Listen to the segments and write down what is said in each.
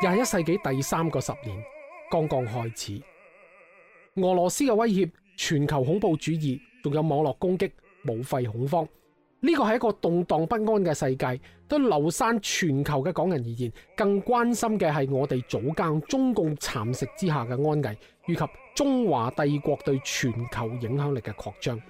廿一世紀第三個十年剛剛開始，俄羅斯嘅威脅、全球恐怖主義、仲有網絡攻擊、武肺恐慌，呢個係一個動蕩不安嘅世界。對流山全球嘅港人而言，更關心嘅係我哋祖家中共蠶食之下嘅安危，以及中華帝國對全球影響力嘅擴張。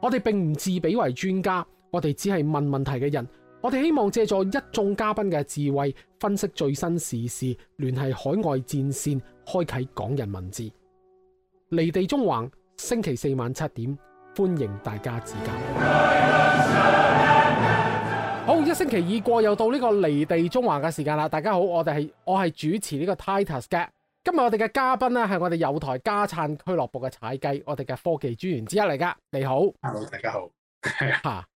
我哋並唔自比為專家，我哋只係問問題嘅人。我哋希望借助一眾嘉賓嘅智慧，分析最新時事，聯繫海外戰線，開啟港人民智。離地縱橫，星期四晚七點，歡迎大家指教。好，一星期已過，又到呢個離地縱橫嘅時間啦。大家好，我哋係我係主持呢個 Titus 嘅。今日我哋嘅嘉賓呢，係我哋友台加燦俱樂部嘅踩雞，我哋嘅科技專員之一嚟㗎。你好，hello，大家好。吓，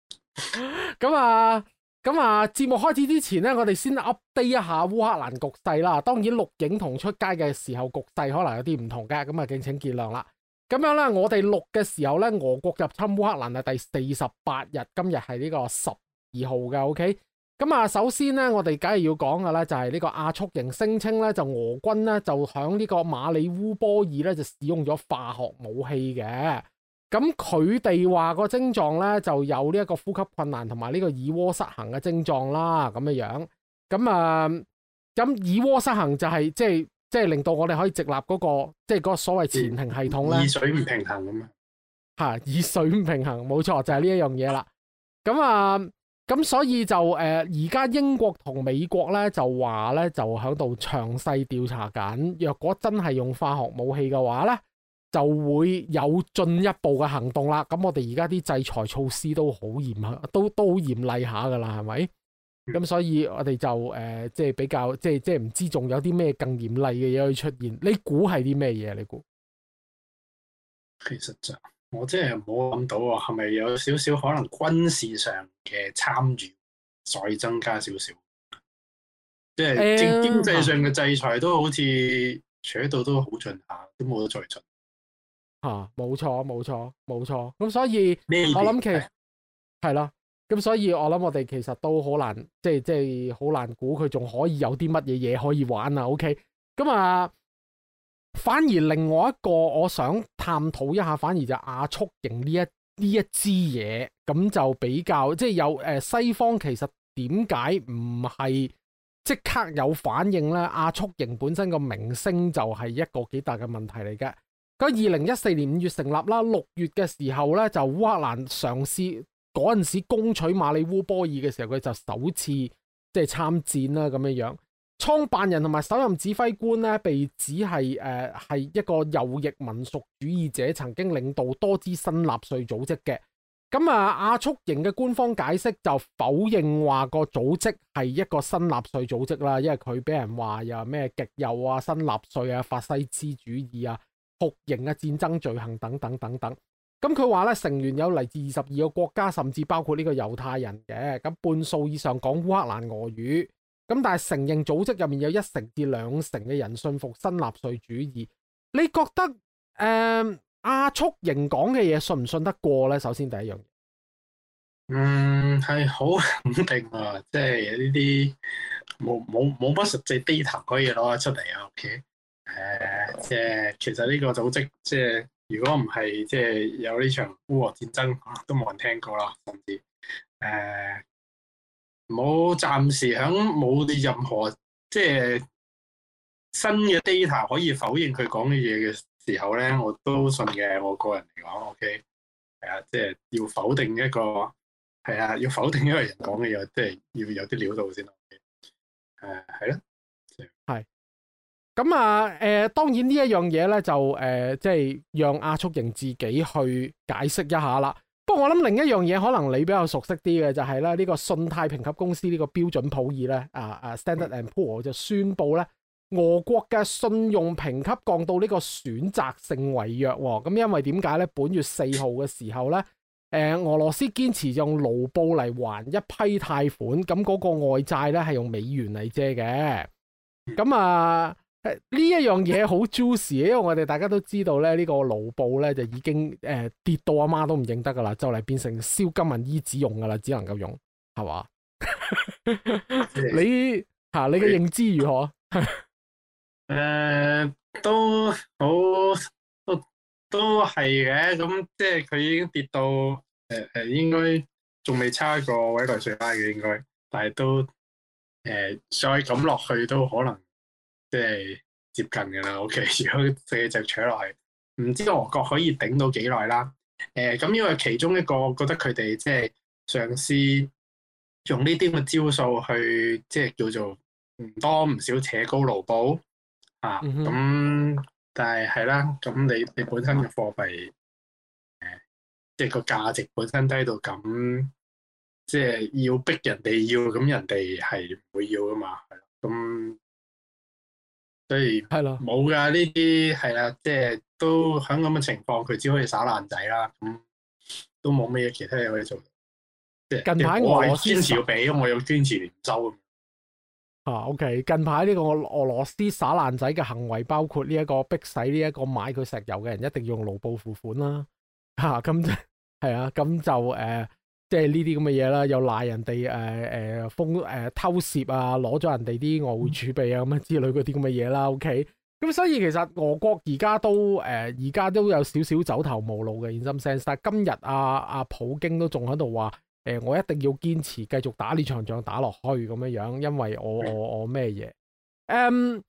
咁啊。咁啊，節目開始之前咧，我哋先 update 一下烏克蘭局勢啦。當然錄影同出街嘅時候局勢可能有啲唔同嘅，咁啊敬請見諒啦。咁樣咧，我哋錄嘅時候咧，俄國入侵烏克蘭係第四十八日，今日係呢個十二號嘅。OK，咁啊，首先咧，我哋梗係要講嘅咧，就係呢個亞速營聲稱咧，就俄軍咧就響呢個馬里烏波爾咧就使用咗化學武器嘅。咁佢哋話個症狀咧就有呢一個呼吸困難同埋呢個耳蝸失衡嘅症狀啦，咁嘅樣。咁啊，咁耳蝸失衡就係、是、即係即係令到我哋可以直立嗰、嗰個，即係嗰個所謂前庭系統咧。耳水唔平衡咁啊，吓耳水唔平衡，冇錯就係呢一樣嘢啦。咁啊，咁、呃、所以就誒而家英國同美國咧就話咧就喺度詳細調查緊。若果真係用化學武器嘅話咧。就會有進一步嘅行動啦。咁我哋而家啲制裁措施都好嚴，都都好嚴厲下噶啦，係咪？咁所以我哋就誒、呃，即係比較，即係即係唔知仲有啲咩更嚴厲嘅嘢去出現。你估係啲咩嘢？你估？其實就我真係冇諗到啊，係咪有少少可能軍事上嘅參與再增加少少？即係經經濟上嘅制裁都好似坐喺度都好盡下，都冇得再盡。吓，冇、啊、錯，冇錯，冇錯。咁所以我諗其係咯，咁所以我諗我哋其實都好難，即係即係好難估佢仲可以有啲乜嘢嘢可以玩啊。OK，咁啊，反而另外一個我想探討一下，反而就亞速營呢一呢一支嘢，咁就比較即係、就是、有誒、呃、西方其實點解唔係即刻有反應咧？亞速營本身個名聲就係一個幾大嘅問題嚟嘅。咁二零一四年五月成立啦，六月嘅時候咧就烏克蘭嘗試嗰陣時攻取馬里烏波爾嘅時候，佢就首次即係、就是、參戰啦咁樣樣。創辦人同埋首任指揮官咧被指係誒係一個右翼民族主義者，曾經領導多支新納粹組織嘅。咁啊，亞速營嘅官方解釋就否認話個組織係一個新納粹組織啦，因為佢俾人話又咩極右啊、新納粹啊、法西斯主義啊。酷刑啊、戰爭罪行等等等等，咁佢話咧成員有嚟自二十二個國家，甚至包括呢個猶太人嘅，咁、嗯、半數以上講烏克蘭俄語，咁、嗯、但係承認組織入面有一成至兩成嘅人信服新納粹主義。你覺得誒、嗯、阿速營講嘅嘢信唔信得過咧？首先第一樣嘢，嗯係好肯定啊，即係呢啲冇冇冇乜實際 data 可以攞出嚟啊？OK。誒，即係、呃、其實呢個組織，即、呃、係如果唔係即係有呢場烏俄戰爭，都冇人聽過啦。甚至誒，我、呃、暫時響冇任何即係、呃、新嘅 data 可以否認佢講嘅嘢嘅時候咧，我都信嘅。我個人嚟講，OK，係、呃、啊，即、呃、係、呃、要否定一個，係、呃、啊，要否定一個人講嘅嘢，即、呃、係要有啲料到先。誒、okay？呃，係咯，係。咁啊，誒、呃、當然呢一樣嘢咧，就誒即係讓亞速營自己去解釋一下啦。不過我諗另一樣嘢，可能你比較熟悉啲嘅就係、是、咧呢、這個信貸評級公司呢個標準普爾咧，啊啊 Standard and Poor 就宣布咧俄國嘅信用評級降到呢個選擇性違約喎、哦。咁、嗯、因為點解咧？本月四號嘅時候咧，誒、呃、俄羅斯堅持用盧布嚟還一批貸款，咁嗰個外債咧係用美元嚟借嘅，咁啊。誒，呢一樣嘢好 juicy，因為我哋大家都知道咧，這個、呢個盧布咧就已經誒、呃、跌到阿媽都唔認得噶啦，就嚟變成燒金銀衣紙用噶啦，只能夠用，係嘛、 啊？你吓你嘅認知如何？誒、 呃，都好、哦、都都係嘅，咁即係佢已經跌到誒誒、呃，應該仲未差過委內瑞拉嘅，應該，但係都誒、呃、再咁落去都可能。即係接近噶啦，OK。如果四就扯落去，唔知道俄國可以頂到幾耐啦。誒、呃，咁因為其中一個，覺得佢哋即係上司用呢啲咁嘅招數去，即係叫做唔多唔少扯高勞保啊。咁但係係啦，咁你你本身嘅貨幣，誒、呃，即係個價值本身低到咁，即係要逼人哋要，咁人哋係唔會要噶嘛。咁所以係啦，冇㗎呢啲係啦，即係都響咁嘅情況，佢只可以耍爛仔啦，咁，嗯，都冇咩嘢其他嘢可以做。近排即係俄羅斯要俾，我有堅持連收啊。Okay，近排呢個俄羅斯斯耍爛仔嘅行為，包括呢一個逼使呢一個買佢石油嘅人一定要用盧布付款啦。嚇，咁係啊，咁就誒。即係呢啲咁嘅嘢啦，又賴人哋誒誒封誒、呃、偷竊啊，攞咗人哋啲外匯儲備啊咁樣之類嗰啲咁嘅嘢啦，OK。咁所以其實俄國而家都誒而家都有少少走投無路嘅，in some sense。但係今日阿阿普京都仲喺度話誒，我一定要堅持繼續打呢場仗打落去咁樣樣，因為我我我咩嘢誒？Um,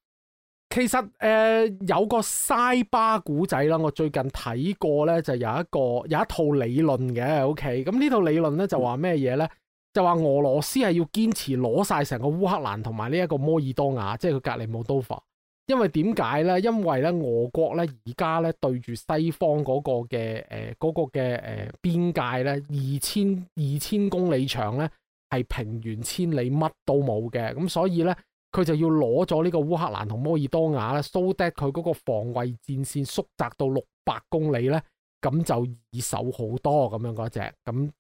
其實誒、呃，有個西巴古仔啦，我最近睇過咧，就有一個有一套理論嘅，OK，咁呢套理論咧就話咩嘢咧？就話俄羅斯係要堅持攞晒成個烏克蘭同埋呢一個摩爾多瓦，即係佢隔籬冇刀法。因為點解咧？因為咧俄國咧而家咧對住西方嗰個嘅誒、呃嗰個嘅誒邊界咧二千二千公里長咧係平原千里乜都冇嘅，咁所以咧。佢就要攞咗呢個烏克蘭同摩爾多瓦咧，縮得佢嗰個防衛戰線縮窄到六百公里咧，咁就二手好多咁樣嗰隻。咁呢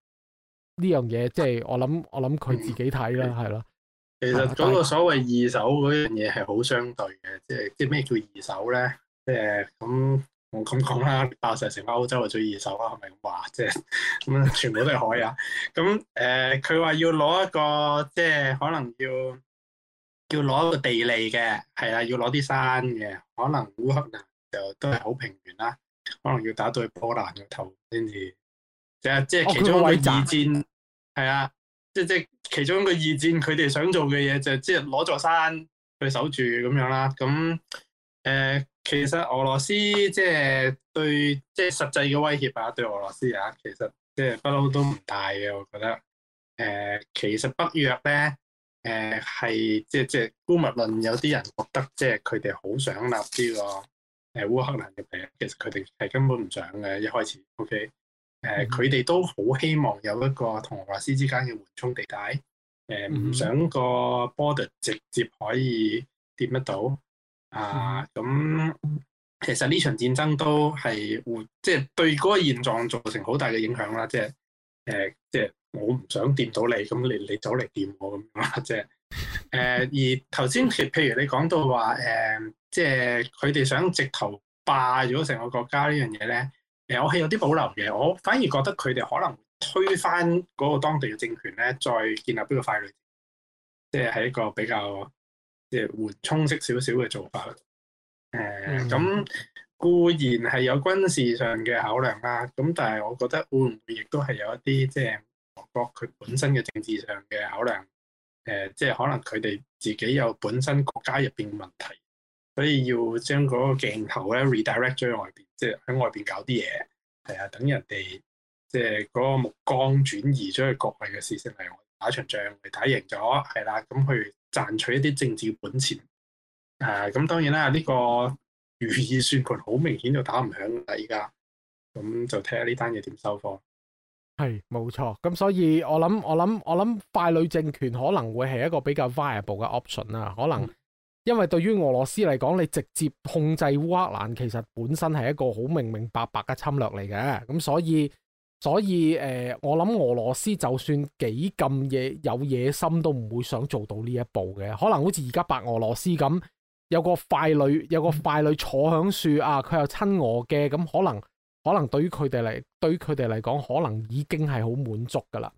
樣嘢即係我諗，我諗佢自己睇啦，係咯。其實嗰吧個所謂二手嗰樣嘢係好相對嘅，即係即係咩叫二手咧？即係咁我咁講啦，爆石成班歐洲啊最二手啦，係咪咁話？即係咁啊，全部都係海啊。咁誒， 佢、呃、話要攞一個，即係可能要。要攞個地利嘅，係啊，要攞啲山嘅，可能烏克蘭就都係好平原啦，可能要打到波蘭嘅頭先至，就係即係其中一個二戰，係啊、哦，即係即係、就是、其中一個二戰，佢哋想做嘅嘢就即係攞座山去守住咁樣啦。咁誒、呃，其實俄羅斯即係對即係、就是、實際嘅威脅啊，對俄羅斯啊，其實即係不嬲都唔大嘅，我覺得。誒、呃，其實北約咧。誒，係、呃、即係即係姑勿論，有啲人覺得即係佢哋好想立呢個誒烏克蘭嘅、嘅，其實佢哋係根本唔想嘅。一開始，OK，誒、呃，佢哋、mm hmm. 都好希望有一個同俄羅斯之間嘅緩衝地帶，誒、呃，唔想個 border 直接可以掂得到啊。咁、呃 mm hmm. 其實呢場戰爭都係會，即係對嗰個現狀造成好大嘅影響啦。即係誒、呃，即係。我唔想掂到你，咁你你走嚟掂我咁樣啦即係。誒、就是呃，而頭先，譬如你講到話，誒、呃，即係佢哋想直頭霸咗成個國家個呢樣嘢咧，誒、呃，我係有啲保留嘅。我反而覺得佢哋可能推翻嗰個當地嘅政權咧，再建立呢個傀儡，即係係一個比較即係緩衝式少少嘅做法。誒、呃，咁、mm hmm. 固然係有軍事上嘅考量啦，咁但係我覺得會唔會亦都係有一啲即係。就是國佢本身嘅政治上嘅考量，誒、呃，即係可能佢哋自己有本身國家入邊嘅問題，所以要將嗰個鏡頭咧 redirect 咗去外邊，即係喺外邊搞啲嘢，係啊，等人哋即係嗰個目光轉移咗去國外嘅事情，嚟打場仗，嚟打贏咗，係啦、啊，咁去賺取一啲政治本錢。誒、啊，咁當然啦，呢、這個如意算盤好明顯就打唔響啦，而家咁就睇下呢單嘢點收貨。係冇錯，咁所以我諗我諗我諗傀儡政權可能會係一個比較 viable 嘅 option 啦，可能因為對於俄羅斯嚟講，你直接控制烏克蘭其實本身係一個好明明白白嘅侵略嚟嘅，咁所以所以誒、呃、我諗俄羅斯就算幾咁嘢有野心，都唔會想做到呢一步嘅，可能好似而家白俄羅斯咁，有個傀儡有個傀儡坐喺樹啊，佢又親俄嘅，咁可能。可能對於佢哋嚟，對佢哋嚟講，可能已經係好滿足噶啦。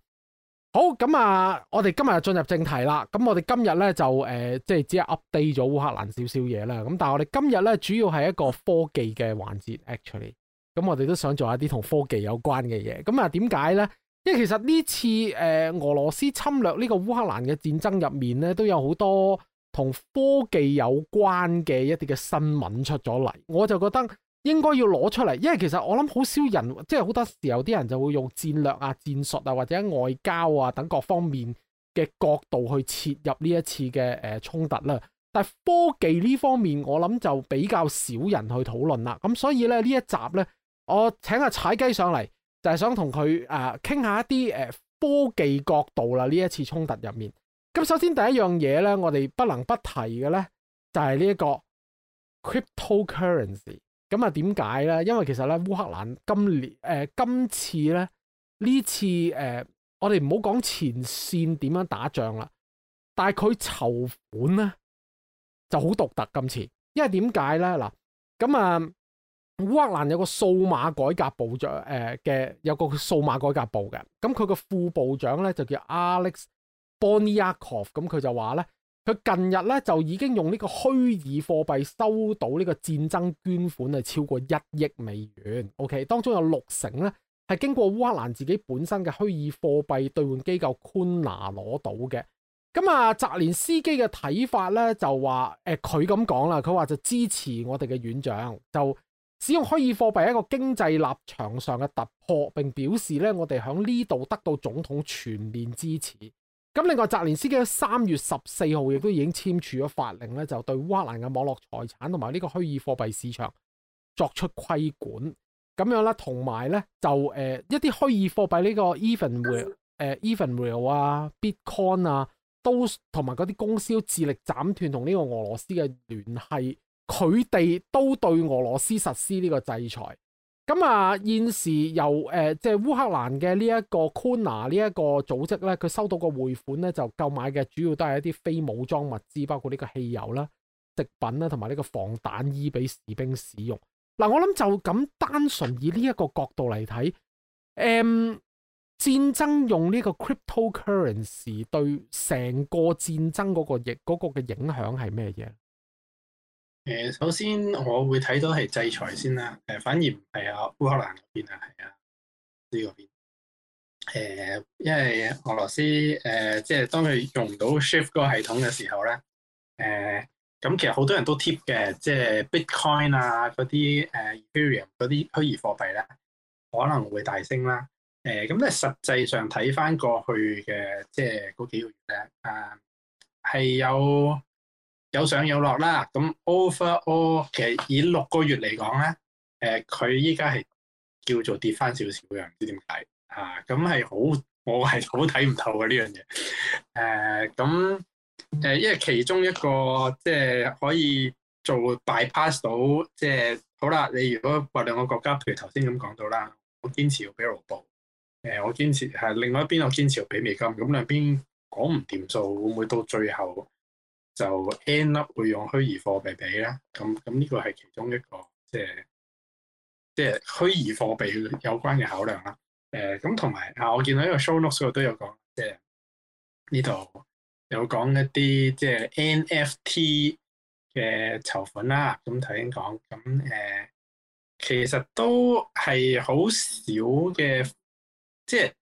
好，咁啊，我哋今日就進入正題啦。咁我哋今日咧就誒、呃，即係只係 update 咗烏克蘭少少嘢啦。咁但係我哋今日咧主要係一個科技嘅環節，actually。咁我哋都想做一啲同科技有關嘅嘢。咁啊，點解咧？因為其實呢次誒、呃、俄羅斯侵略呢個烏克蘭嘅戰爭入面咧，都有好多同科技有關嘅一啲嘅新聞出咗嚟。我就覺得。應該要攞出嚟，因為其實我諗好少人，即係好多時候啲人就會用戰略啊、戰術啊，或者外交啊等各方面嘅角度去切入呢一次嘅誒衝突啦。但係科技呢方面，我諗就比較少人去討論啦。咁所以咧呢一集咧，我請阿踩雞上嚟，就係、是、想同佢誒傾下一啲誒、呃、科技角度啦。呢一次衝突入面，咁首先第一樣嘢咧，我哋不能不提嘅咧，就係呢一個 cryptocurrency。咁啊，點解咧？因為其實咧，烏克蘭今年誒今次咧呢次誒，我哋唔好講前綫點樣打仗啦，但係佢籌款咧就好獨特今次，因為點解咧嗱？咁啊，嗯，烏克蘭有個數碼改革部長誒嘅、呃，有個數碼改革部嘅，咁佢個副部長咧就叫 Alex Bonyakov，咁佢就話咧。佢近日咧就已經用呢個虛擬貨幣收到呢個戰爭捐款啊，超過一億美元。OK，當中有六成咧係經過烏克蘭自己本身嘅虛擬貨幣兌換機構 Kuna 攞到嘅。咁啊，澤連斯基嘅睇法咧，就話，誒、呃，佢咁講啦，佢話就支持我哋嘅院長，就使用虛擬貨幣一個經濟立場上嘅突破，並表示咧我哋響呢度得到總統全面支持。咁另外，澤連斯基喺三月十四號亦都已經簽署咗法令咧，就對烏克蘭嘅網絡財產同埋呢個虛擬貨幣市場作出規管咁樣啦。同埋咧，就誒、呃、一啲虛擬貨幣呢個 Evan Real 誒 Evan Real 啊 Bitcoin 啊，都同埋嗰啲公司都致力斬斷同呢個俄羅斯嘅聯繫。佢哋都對俄羅斯實施呢個制裁。咁啊，現時由誒即係烏克蘭嘅呢一個 Kuna 呢一個組織咧，佢收到個匯款咧，就購買嘅主要都係一啲非武裝物資，包括呢個汽油啦、食品啦，同埋呢個防彈衣俾士兵使用。嗱、啊，我諗就咁單純以呢一個角度嚟睇，誒、嗯，戰爭用呢個 cryptocurrency 對成個戰爭嗰、嗰個、嗰個、影嗰個嘅影響係咩嘢？誒，首先我會睇到係制裁先啦，誒，反而唔係啊，烏克蘭嗰邊啊，係啊呢個邊，誒、呃，因為俄羅斯誒、呃，即係當佢用唔到 Shift 嗰個系統嘅時候咧，誒、呃，咁其實好多人都貼嘅，即係 Bitcoin 啊，嗰啲誒，Ethereum 嗰啲虛擬貨幣咧，可能會大升啦，誒、呃，咁咧實際上睇翻過去嘅，即係嗰幾個月咧，係、呃、有。有上有落啦，咁 overall 其實以六個月嚟講咧，誒佢依家係叫做跌翻少少嘅，唔知點解啊？咁係好，我係好睇唔透嘅呢樣嘢。誒咁誒，因為其中一個即係、就是、可以做大 p a s s 到，即、就、係、是、好啦。你如果話兩個國家，譬如頭先咁講到啦，我堅持要俾勞保，誒、呃、我堅持係另外一邊，我堅持要俾美金。咁兩邊講唔掂數，會唔會到最後？就 end up 會用虛擬貨幣俾啦。咁咁呢個係其中一個，即係即係虛擬貨幣有關嘅考量啦。誒、呃，咁同埋啊，我見到呢個 show notes 我都有講，即係呢度有講一啲即係 NFT 嘅籌款啦。咁頭先講咁誒，其實都係好少嘅，即係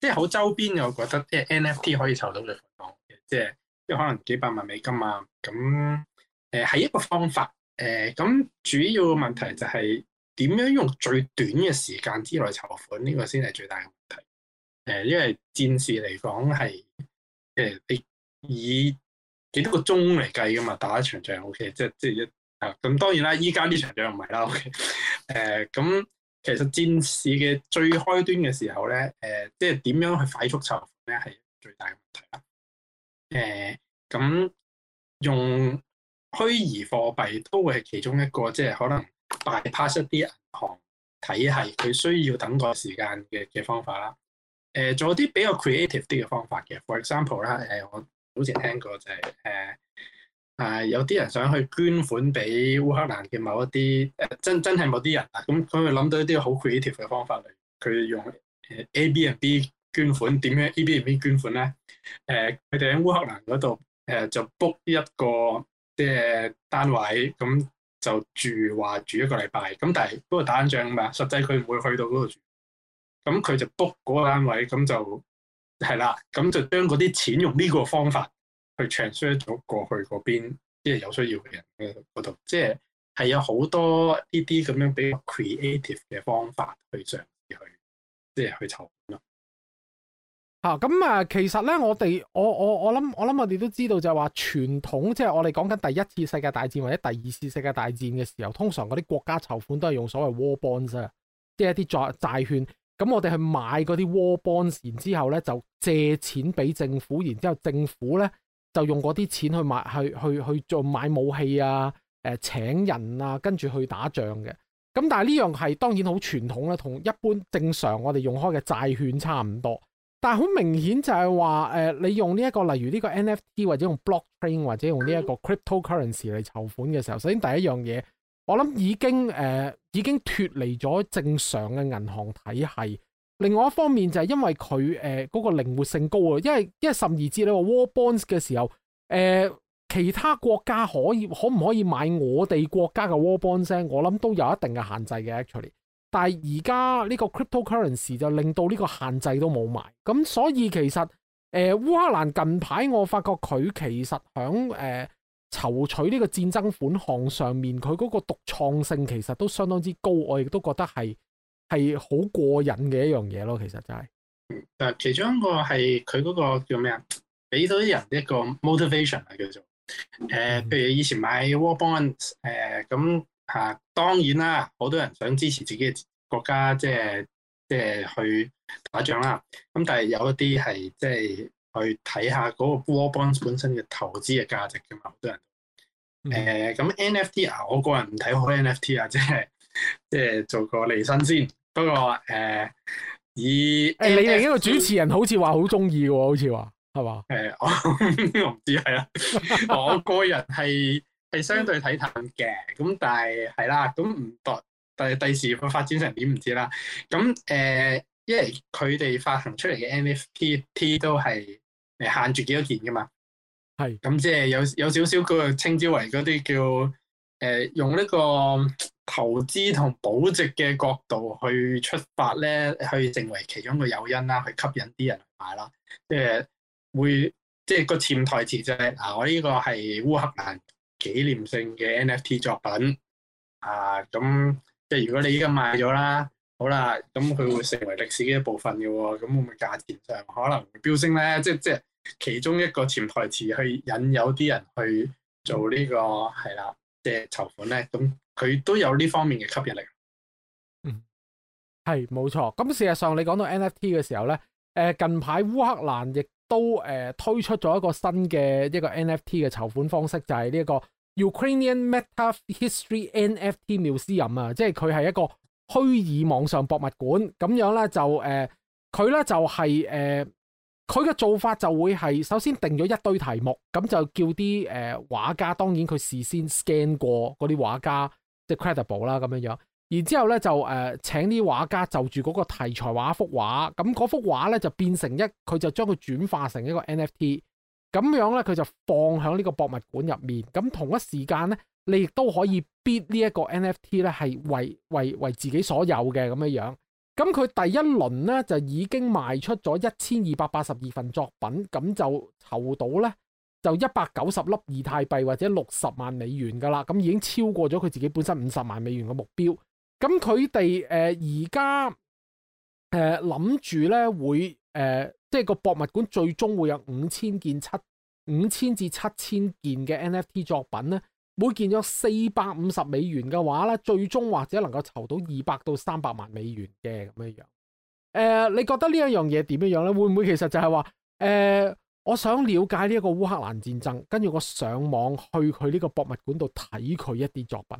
即係好周邊。我覺得即係 NFT 可以籌到嘅款項，即係。即係可能幾百萬美金啊！咁誒係一個方法誒，咁、呃、主要嘅問題就係點樣用最短嘅時間之內籌款呢、呢個先係最大嘅問題。誒、呃，因為戰事嚟講係誒、呃、你以幾多個鐘嚟計噶嘛，打一場仗 OK，即係即係一啊。咁當然啦，依家呢場仗唔係啦 OK、呃。誒，咁其實戰事嘅最開端嘅時候咧，誒、呃，即係點樣去快速籌款咧係最大嘅問題。誒，咁、嗯、用虛擬貨幣都會係其中一個，即係可能 bypass 一啲銀行體系，佢需要等個時間嘅嘅方法啦。誒、呃，仲有啲比較 creative 啲嘅方法嘅，for example 啦，誒，我好似聽過就係、是、誒，啊、呃，有啲人想去捐款俾烏克蘭嘅某一啲誒、呃，真真係某啲人啊，咁佢會諗到一啲好 creative 嘅方法嚟，佢用誒 Airbnb。呃 Airbnb 捐款點樣？Airbnb 捐款咧？誒、呃，佢哋喺烏克蘭嗰度誒，就 book 一個即係單位，咁就住，話住一個禮拜。咁但係嗰度打緊仗嘛，實際佢唔會去到嗰度住。咁佢就 book 嗰個單位，咁就係啦。咁就將嗰啲錢用呢個方法去 transfer 咗過去嗰邊，即係有需要嘅人嗰度。即係係有好多呢啲咁樣比較 creative 嘅方法去嘗試去，即係去籌款咯。吓咁啊！其實咧，我哋我我我諗我諗，我哋都知道就係話傳統，即係我哋講緊第一次世界大戰或者第二次世界大戰嘅時候，通常嗰啲國家籌款都係用所謂 War Bonds，即係一啲債債券。咁我哋去買嗰啲 War Bonds，然之後咧就借錢俾政府，然之後政府咧就用嗰啲錢去買去去去做買武器啊，誒、呃，請人啊，跟住去打仗嘅。咁但係呢樣係當然好傳統啦，同一般正常我哋用開嘅債券差唔多。但係好明顯就係話，誒、呃，你用呢、這、一個例如呢個 NFT 或者用 blockchain 或者用呢一個 cryptocurrency 嚟籌款嘅時候，首先第一樣嘢，我諗已經誒、呃、已經脫離咗正常嘅銀行體系。另外一方面就係因為佢誒嗰個靈活性高啊，因為因為甚而至你話 war bonds 嘅時候，誒、呃，其他國家可以可唔可以買我哋國家嘅 war bonds？我諗都有一定嘅限制嘅，actually。但係而家呢個 crypto currency 就令到呢個限制都冇埋，咁所以其實誒烏克蘭近排我發覺佢其實響誒籌取呢個戰爭款項上面，佢嗰個獨創性其實都相當之高，我亦都覺得係係好過癮嘅一樣嘢咯。其實就係、是，誒、嗯，其中一個係佢嗰個叫咩啊？俾咗啲人一個 motivation 啊叫做，誒、呃，譬如以前買 war bond，誒、呃、咁。吓、啊，當然啦，好多人想支持自己嘅國家，即係即係去打仗啦。咁但係有一啲係即係去睇下嗰個 War Bonds 本身嘅投資嘅價值㗎嘛。好多人。誒、呃，咁 NFT 啊，我個人唔睇好 NFT 啊，即係即係做個離身先。不過誒、呃，以誒、欸、你哋呢個主持人好似話好中意喎，好似話係嘛？誒、欸，我唔 知係啦。啊、 我個人係。係相對睇淡嘅，咁但係係啦，咁唔代，但係第時佢發展成點唔知啦。咁誒、呃，因為佢哋發行出嚟嘅 NFT 都係誒限住幾多件噶嘛，係是。咁即係有有少少嗰個稱之為嗰啲叫誒、呃，用呢個投資同保值嘅角度去出發咧，去成為其中個誘因啦，去吸引啲人買啦。即、呃、誒，會即係個潛台詞就係、是、嗱、啊，我呢個係烏克蘭。紀念性嘅 NFT 作品啊，咁即係如果你依家買咗啦，好啦，咁佢會成為歷史嘅一部分嘅喎、哦，咁會唔會價錢上可能會飆升咧？即即係其中一個潛台詞去引誘啲人去做呢、這個係啦，即係籌款咧，咁佢都有呢方面嘅吸引力。嗯，係冇錯。咁事實上你講到 NFT 嘅時候咧，誒近排烏克蘭亦～都誒、呃、推出咗一個新嘅一個 NFT 嘅籌款方式，就係呢一個 Ukrainian Meta History NFT Museum 啊，即係佢係一個虛擬網上博物館咁樣咧，就誒佢咧就係誒佢嘅做法就會係首先定咗一堆題目，咁就叫啲誒畫家，當然佢事先 scan 過嗰啲畫家，即、就、係、是、credible 啦咁樣樣。然之後咧就誒、呃、請啲畫家就住嗰個題材畫一幅畫，咁嗰幅畫咧就變成一佢就將佢轉化成一個 NFT，咁樣咧佢就放喺呢個博物館入面，咁同一時間咧你亦都可以 bid 呢一個 NFT 咧係為為為自己所有嘅咁樣樣，咁佢第一輪咧就已經賣出咗一千二百八十二份作品，咁就籌到咧就一百九十粒以太幣或者六十萬美元噶啦，咁已經超過咗佢自己本身五十萬美元嘅目標。咁佢哋誒而家誒諗住咧會誒、呃、即係個博物館最終會有五千件七五千至七千件嘅 NFT 作品咧，每件有四百五十美元嘅話咧，最終或者能夠籌到二百到三百萬美元嘅咁樣樣。誒、呃，你覺得呢一樣嘢點樣樣咧？會唔會其實就係話誒，我想了解呢一個烏克蘭戰爭，跟住我上網去佢呢個博物館度睇佢一啲作品。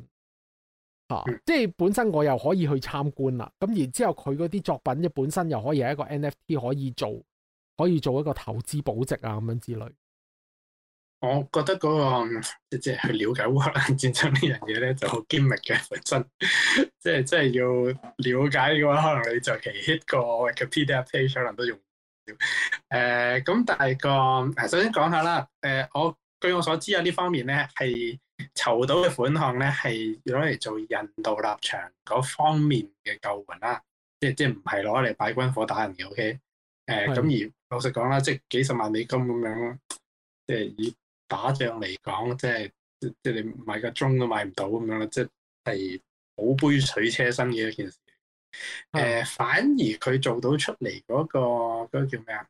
啊、即係本身我又可以去參觀啦，咁然之後佢嗰啲作品嘅本身又可以係一個 NFT 可以做，可以做一個投資保值啊咁樣之類。我覺得嗰、那個即係去了解烏克蘭戰爭呢樣嘢咧，就好堅密嘅本身。即係即係要了解嘅話，可能你就其一個 Wikipedia page 可能都用咗。咁、呃、但大、那個誒，首先講下啦。誒、呃，我據我所知啊，呢方面咧係。籌到嘅款項咧，係攞嚟做人道立場嗰方面嘅救援啦，即即唔係攞嚟擺軍火打人嘅。O.K.，誒、呃、咁的而老實講啦，即幾十萬美金咁樣，即以打仗嚟講，即即你買個 drone 都買唔到咁樣啦，即係好杯水車薪嘅一件事。誒、呃，的反而佢做到出嚟嗰、那個嗰、那個叫咩啊？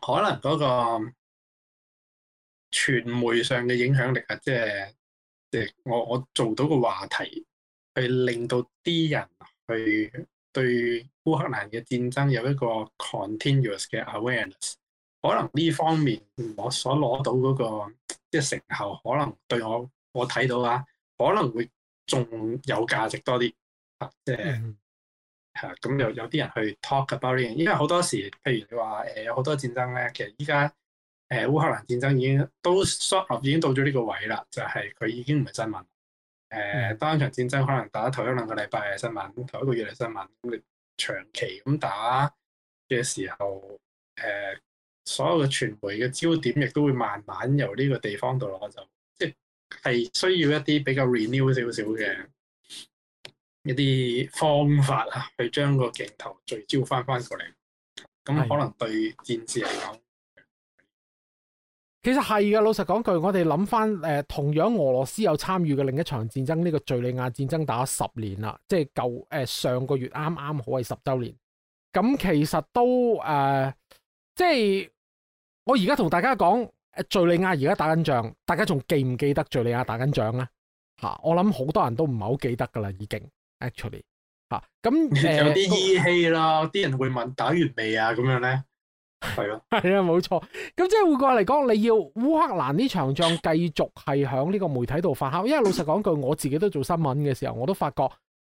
可能嗰、那個。傳媒上嘅影響力啊，即係即係我我做到個話題，去令到啲人去對烏克蘭嘅戰爭有一個 continuous 嘅 awareness。可能呢方面我所攞到嗰個即係成效，可能對我我睇到啊，可能會仲有價值多啲啊，即係係咁又有啲人去 talk about it。因為好多時，譬如你話誒有好多戰爭咧，其實依家。誒，烏克蘭戰爭已經都 short of，已經到咗呢個位啦，就係佢已經唔係新聞。誒、呃，當場戰爭可能打頭一兩個禮拜嘅新聞，頭一個月嘅新聞，咁、嗯、你長期咁打嘅時候，誒、呃，所有嘅傳媒嘅焦點亦都會慢慢由呢個地方度攞走，即係需要一啲比較 renew 少少嘅一啲方法啊，去將個鏡頭聚焦翻翻過嚟。咁可能對戰事嚟講。其實係嘅，老實講句，我哋諗翻誒，同樣俄羅斯有參與嘅另一場戰爭，呢個敘利亞戰爭打咗十年啦，即係舊誒上個月啱啱好係十周年。咁其實都誒、呃，即係我而家同大家講，敘利亞而家打緊仗，大家仲記唔記得敘利亞打緊仗咧？吓、啊，我諗好多人都唔係好記得噶啦，已經 actually 吓、啊。咁誒、呃、有啲依稀啦，啲那人會問打完未啊？咁樣咧。係咯，係啊，冇錯。 咁即係換句話嚟講，你要烏克蘭呢場仗繼續係響呢個媒體度發酵。因為老實講句，我自己都做新聞嘅時候，我都發覺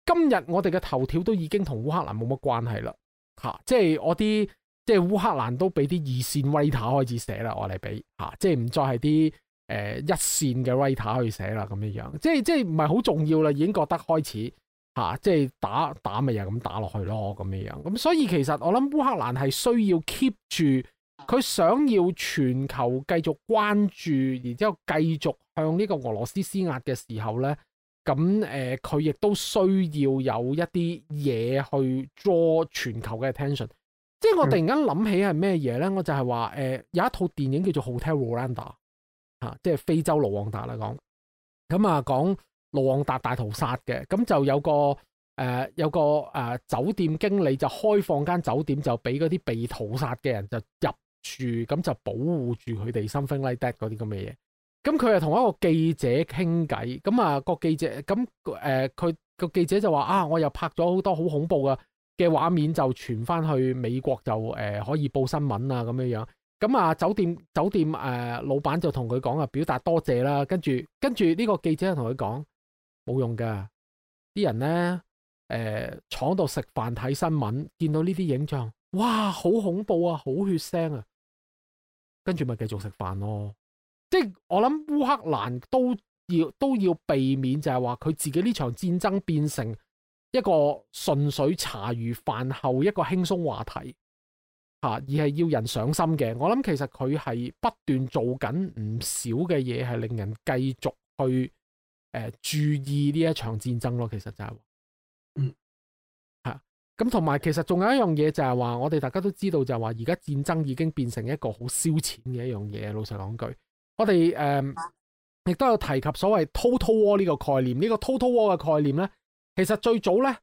今日我哋嘅頭條都已經同烏克蘭冇乜關係啦。吓、啊，即係我啲即係烏克蘭都俾啲二綫 writer 開始寫啦，我嚟俾吓，即係唔再係啲誒一綫嘅 writer 去寫啦，咁樣樣，即係即係唔係好重要啦，已經覺得開始。吓、啊，即係打打咪又咁打落去咯，咁樣樣。咁所以其實我諗烏克蘭係需要 keep 住佢想要全球繼續關注，然之後繼續向呢個俄羅斯施壓嘅時候咧，咁誒，佢亦都需要有一啲嘢去 draw 全球嘅 attention。即係我突然間諗起係咩嘢咧，嗯、我就係話誒，有一套電影叫做《Hotel Rwanda》、啊，吓，即係非洲盧旺達嚟講，咁啊講。盧旺達大屠殺嘅，咁就有個誒、呃、有個誒、呃、酒店經理就開放間酒店就俾嗰啲被屠殺嘅人就入住，咁就保護住佢哋 something like that 嗰啲咁嘅嘢。咁佢就同一個記者傾偈，咁啊個記者咁誒佢個記者就話啊，我又拍咗好多好恐怖嘅嘅畫面，就傳翻去美國就誒、呃、可以報新聞啊咁樣樣。咁啊酒店酒店誒、呃、老闆就同佢講啊，表達多謝，謝啦。跟住跟住呢個記者就同佢講。冇用噶，啲人呢，誒、呃，坐喺度食飯睇新聞，見到呢啲影像，哇，好恐怖啊，好血腥啊，跟住咪繼續食飯咯。即我諗烏克蘭都要都要避免就，就係話佢自己呢場戰爭變成一個純粹茶餘飯後一個輕鬆話題，吓、啊、而係要人上心嘅。我諗其實佢係不斷做緊唔少嘅嘢，係令人繼續去。誒、呃，注意呢一場戰爭咯，其實就係、是，嗯，係咁同埋其實仲有一樣嘢就係話，我哋大家都知道就係話，而家戰爭已經變成一個好燒錢嘅一樣嘢。老實講句，我哋誒亦都有提及所謂 total war 呢個概念。呢個 total war 嘅概念咧，其實最早咧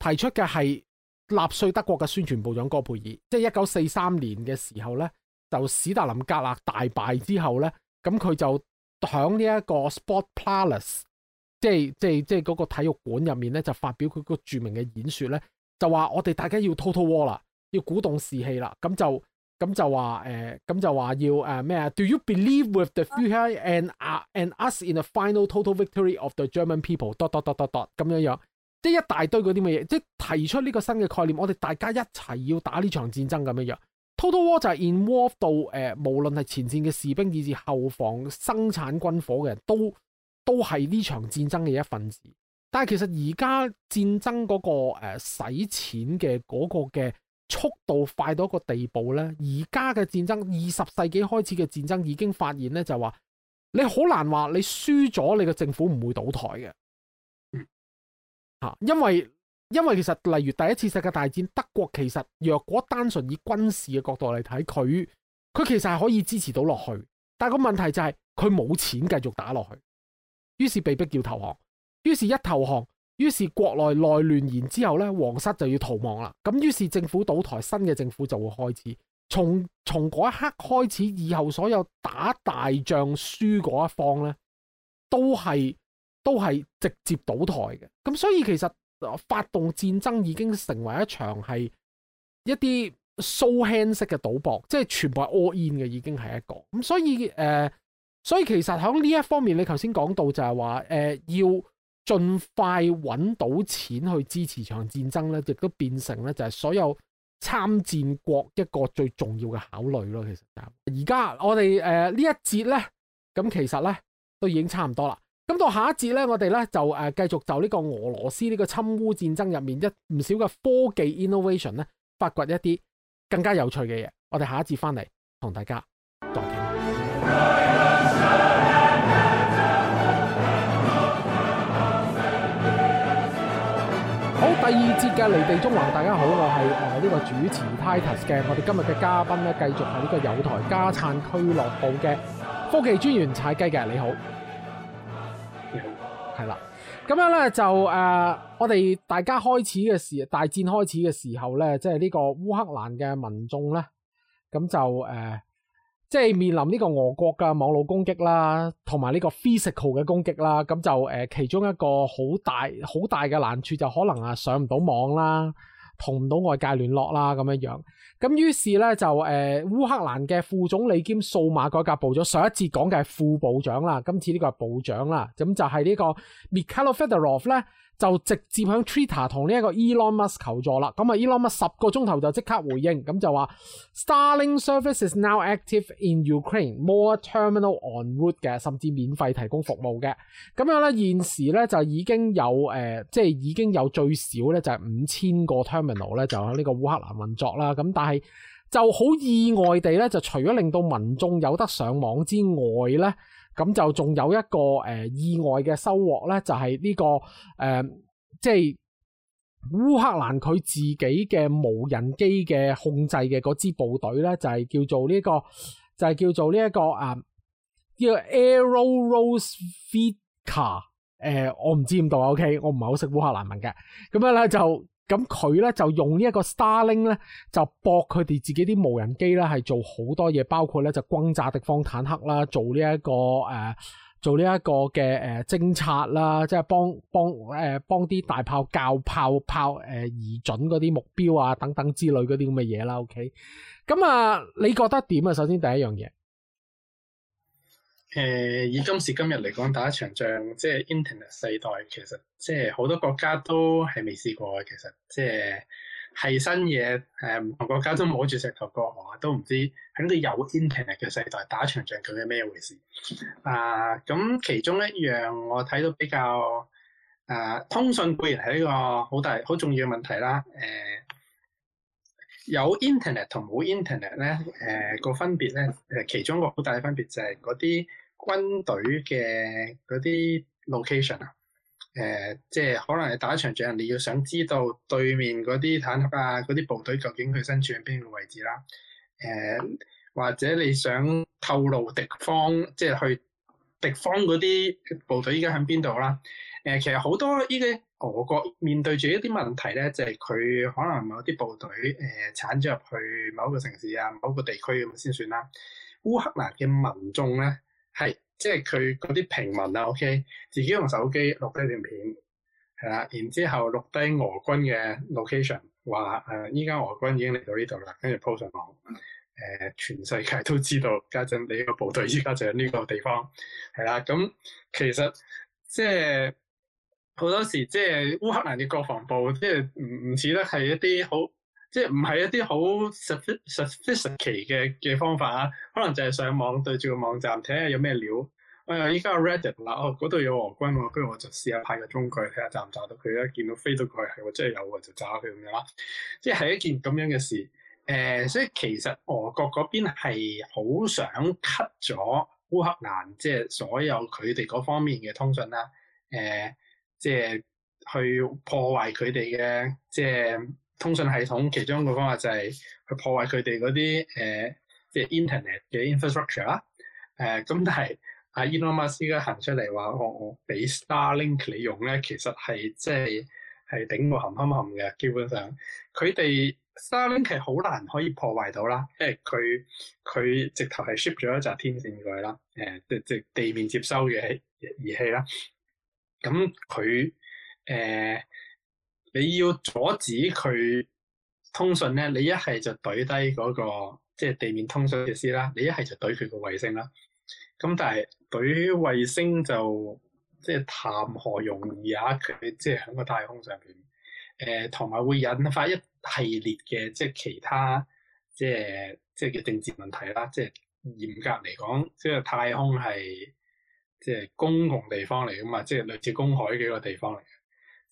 提出嘅係納粹德國嘅宣傳部長戈培爾，即係一九四三年嘅時候咧，就史達林格勒大敗之後咧，咁佢就響呢一個 Sport Palace。即係即係即係嗰個體育館入面咧，就發表佢個著名嘅演說咧，就話我哋大家要 total war 啦，要鼓動士氣啦，咁就咁就話誒，咁、呃、就話要誒咩啊？Do you believe with the future and、uh, and us in the final total victory of the German people？哆咁樣樣，即係一大堆嗰啲乜嘢，即係提出呢個新嘅概念，我哋大家一齊要打呢場戰爭咁樣樣。Total war 就係 involve 到誒、呃，無論係前線嘅士兵，以至後防生產軍火嘅人都，都係呢場戰爭嘅一份子，但係其實而家戰爭嗰、那個誒使、呃、錢嘅嗰個嘅速度快到一個地步呢。而家嘅戰爭二十世紀開始嘅戰爭已經發現呢，就話你好難話你輸咗，你嘅政府唔會倒台嘅吓、嗯，因為因為其實例如第一次世界大戰，德國其實若果單純以軍事嘅角度嚟睇，佢佢其實係可以支持到落去，但係個問題就係佢冇錢繼續打落去。於是被迫要投降，於是一投降，於是國內內亂，然之後咧，皇室就要逃亡啦。咁於是政府倒台，新嘅政府就會開始。從從嗰一刻開始，以後所有打大仗輸嗰一方咧，都係都係直接倒台嘅。咁所以其實發動戰爭已經成為一場係一啲 show hand 式嘅賭博，即係全部係 all in 嘅，已經係一個。咁所以誒。呃所以其實喺呢一方面，你頭先講到就係話，誒、呃、要盡快搵到錢去支持場戰爭咧，亦都變成咧就係所有參戰國一個最重要嘅考慮咯。其實而家我哋誒、呃、呢一節咧，咁其實咧都已經差唔多啦。咁到下一節咧，我哋咧就誒繼續就呢個俄羅斯呢個侵烏戰爭入面一唔少嘅科技 innovation 咧，發掘一啲更加有趣嘅嘢。我哋下一節翻嚟同大家再見。接嘅離地縱橫，大家好，我係我呢個主持 Titus 嘅，我哋今日嘅嘉賓咧，繼續係呢個友台加燦俱樂部嘅科技專員踩雞嘅，你好，你、嗯、好，係、嗯、啦，咁、嗯、樣咧就誒、呃，我哋大家開始嘅時，大戰開始嘅時候咧，即係呢個烏克蘭嘅民眾咧，咁就誒。呃即係面臨呢個俄國嘅網絡攻擊啦，同埋呢個 physical 嘅攻擊啦，咁就誒、呃、其中一個好大好大嘅難處就可能啊上唔到網啦，同唔到外界聯絡啦咁樣樣。咁於是呢，就誒烏、呃、克蘭嘅副總理兼數碼改革部長，上一次講嘅係副部長啦，今次呢個係部長啦，咁就係呢個 Mikhailo Fedorov 咧。就直接向 Twitter 同呢一個 Elon Musk 求助啦，咁啊 Elon Musk 十個鐘頭就即刻回應，咁就話 Starlink service is now active in Ukraine, more terminals en route 嘅，甚至免費提供服務嘅。咁樣咧，現時咧就已經有誒、呃，即係已經有最少咧就係五千個 terminal 咧，就喺呢個烏克蘭運作啦。咁但係就好意外地咧，就除咗令到民眾有得上網之外咧。咁就仲有一個誒、呃、意外嘅收穫咧，就係、是、呢、這個誒，即、呃、係、就是、烏克蘭佢自己嘅無人機嘅控制嘅嗰支部隊咧，就係、是、叫做呢、這個，就係、是、叫做呢、這、一個啊，呢、呃這個、Aerorozvidka 誒、呃、我唔知點讀，OK，我唔係好識烏克蘭文嘅，咁樣咧就。咁佢咧就用呢一個 Starlink 咧，就駁佢哋自己啲無人機啦，係做好多嘢，包括咧就轟炸敵方坦克啦，做呢、這、一個誒、呃，做呢一個嘅誒偵察啦，即係幫幫誒幫啲大炮校炮炮誒、呃、移準嗰啲目標啊，等等之類嗰啲咁嘅嘢啦。OK，咁啊、呃，你覺得點啊？首先第一樣嘢。誒，以今時今日嚟講打一場仗，即係 Internet 世代，其實即係好多國家都係未試過，其實即係係新嘢。誒，唔同國家都摸住石頭過河都唔知喺度有 Internet 嘅世代打場仗究竟咩回事？啊，咁其中一樣我睇到比較誒，通訊固然係一個好大好重要嘅問題啦。誒，有 Internet 同冇 Internet 咧，誒個分別咧，誒其中一個好大嘅分別就係嗰啲。軍隊嘅嗰啲 location 啊，誒，即係可能係打一場仗，你要想知道對面嗰啲坦克啊、嗰啲部隊究竟佢身處喺邊個位置啦。誒、呃，或者你想透露敵方，即係去敵方嗰啲部隊依家喺邊度啦。誒、呃，其實好多依家俄國面對住一啲問題咧，就係、是、佢可能某啲部隊誒剷咗入去某一個城市啊、某一個地區咁先算啦。烏克蘭嘅民眾咧。係，即係佢嗰啲平民啊，OK，自己用手機錄低段片，係啦，然之後錄低俄軍嘅 location，話誒，呃、依家俄軍已經嚟到呢度啦，跟住 post 上網，誒、呃，全世界都知道，家陣你呢個部隊依家就喺呢個地方，係啦，咁其實即係好多時即係烏克蘭嘅國防部，即係唔唔似得係一啲好。即係唔係一啲好 sophisticated 嘅嘅方法啊？可能就係上網對住個網站睇下有咩料。哎呀，依家 Reddit 啦，哦嗰度有俄軍喎、啊，跟住我就試下派個工具睇下炸唔炸到佢一、啊、見到飛到佢去係喎，真係有喎、啊，就炸佢咁樣啦、啊。即係一件咁樣嘅事。誒、呃，所以其實俄國嗰邊係好想 cut 咗烏克蘭，即係所有佢哋嗰方面嘅通訊啦、啊。誒、呃，即係去破壞佢哋嘅，即係。通信系統其中一個方法就係去破壞佢哋嗰啲誒，即、呃、係 internet 嘅 infrastructure 啦、呃。誒，咁但係阿 Elon Musk 而家行出嚟話，我我俾 Starlink 你用咧，其實係即係係頂個冚冚冚嘅。基本上，佢哋 Starlink 係好難可以破壞到啦，因為佢佢直頭係 ship 咗一紮天線過去啦。誒、呃，即即地面接收嘅儀器啦。咁佢誒。呃你要阻止佢通訊咧，你一係就懟低嗰個即係地面通訊設施啦，你一係就懟佢個衛星啦。咁但係懟衛星就即係談何容易啊！佢即係響個太空上邊，誒同埋會引發一系列嘅即係其他即係即係嘅政治問題啦。即係嚴格嚟講，即係太空係即係公共地方嚟噶嘛，即係類似公海嘅一個地方嚟。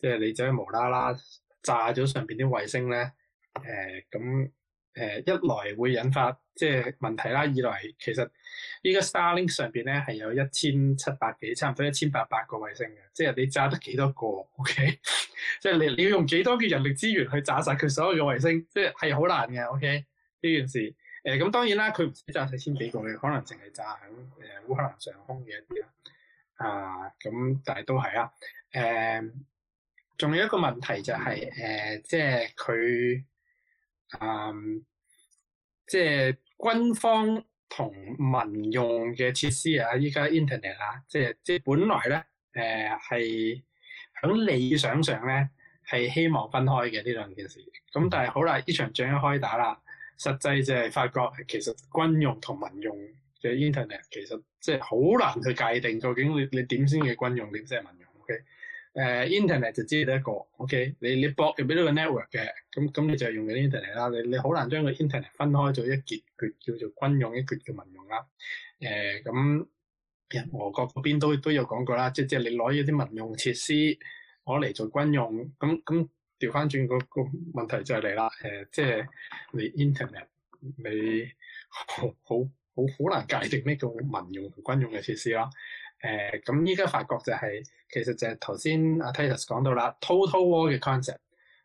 即係你只係無啦啦炸咗上邊啲衛星咧，誒咁誒一來會引發即係問題啦，二來其實呢個 Starlink 上邊咧係有一千七百幾，差唔多一千八百個衛星嘅，即係你炸得幾多個？O、okay? K， 即係你要用幾多嘅人力資源去炸晒佢所有嘅衛星，即係係好難嘅。O K，呢件事誒咁、呃、當然啦，佢唔使炸四千幾個嘅，可能淨係炸喺誒烏克蘭上空嘅一啲啦。啊，咁但係都係啊，誒、嗯。仲有一個問題就係、是，誒、呃，即係佢，嗯、呃，即係軍方同民用嘅設施啊，依家 internet 啊，即係即係本來咧，誒、呃，係喺理想上咧係希望分開嘅呢兩件事。咁、嗯、但係好啦，呢場仗一開打啦，實際就係發覺其實軍用同民用嘅 internet 其實即係好難去界定，究竟你你點先係軍用，點先係民用？OK。誒、uh,，internet 就只係得一個，OK？你你博入邊都有 network 嘅，咁咁你就係用緊 internet 啦。你你好難將個 internet 分開做一橛，佢叫做軍用一橛叫民用啦。誒、啊，咁俄國嗰邊都都有講過啦，即係即係你攞一啲民用設施攞嚟做軍用，咁咁調翻轉個個問題就係嚟啦。誒、啊，即係你 internet，你好好好難界定咩叫民用同軍用嘅設施啦。誒咁依家發覺就係、是、其實就係頭先阿 Titus 講到啦，total war 嘅 concept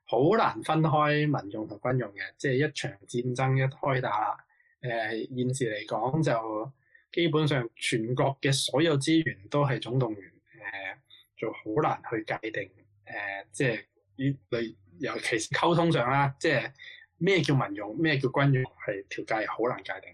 好難分開民用同軍用嘅，即係一場戰爭一開打啦。誒、呃、現時嚟講就基本上全國嘅所有資源都係總動員，誒、呃、就好難去界定誒、呃，即係你尤其是溝通上啦，即係咩叫民用咩叫軍用係條界好難界定。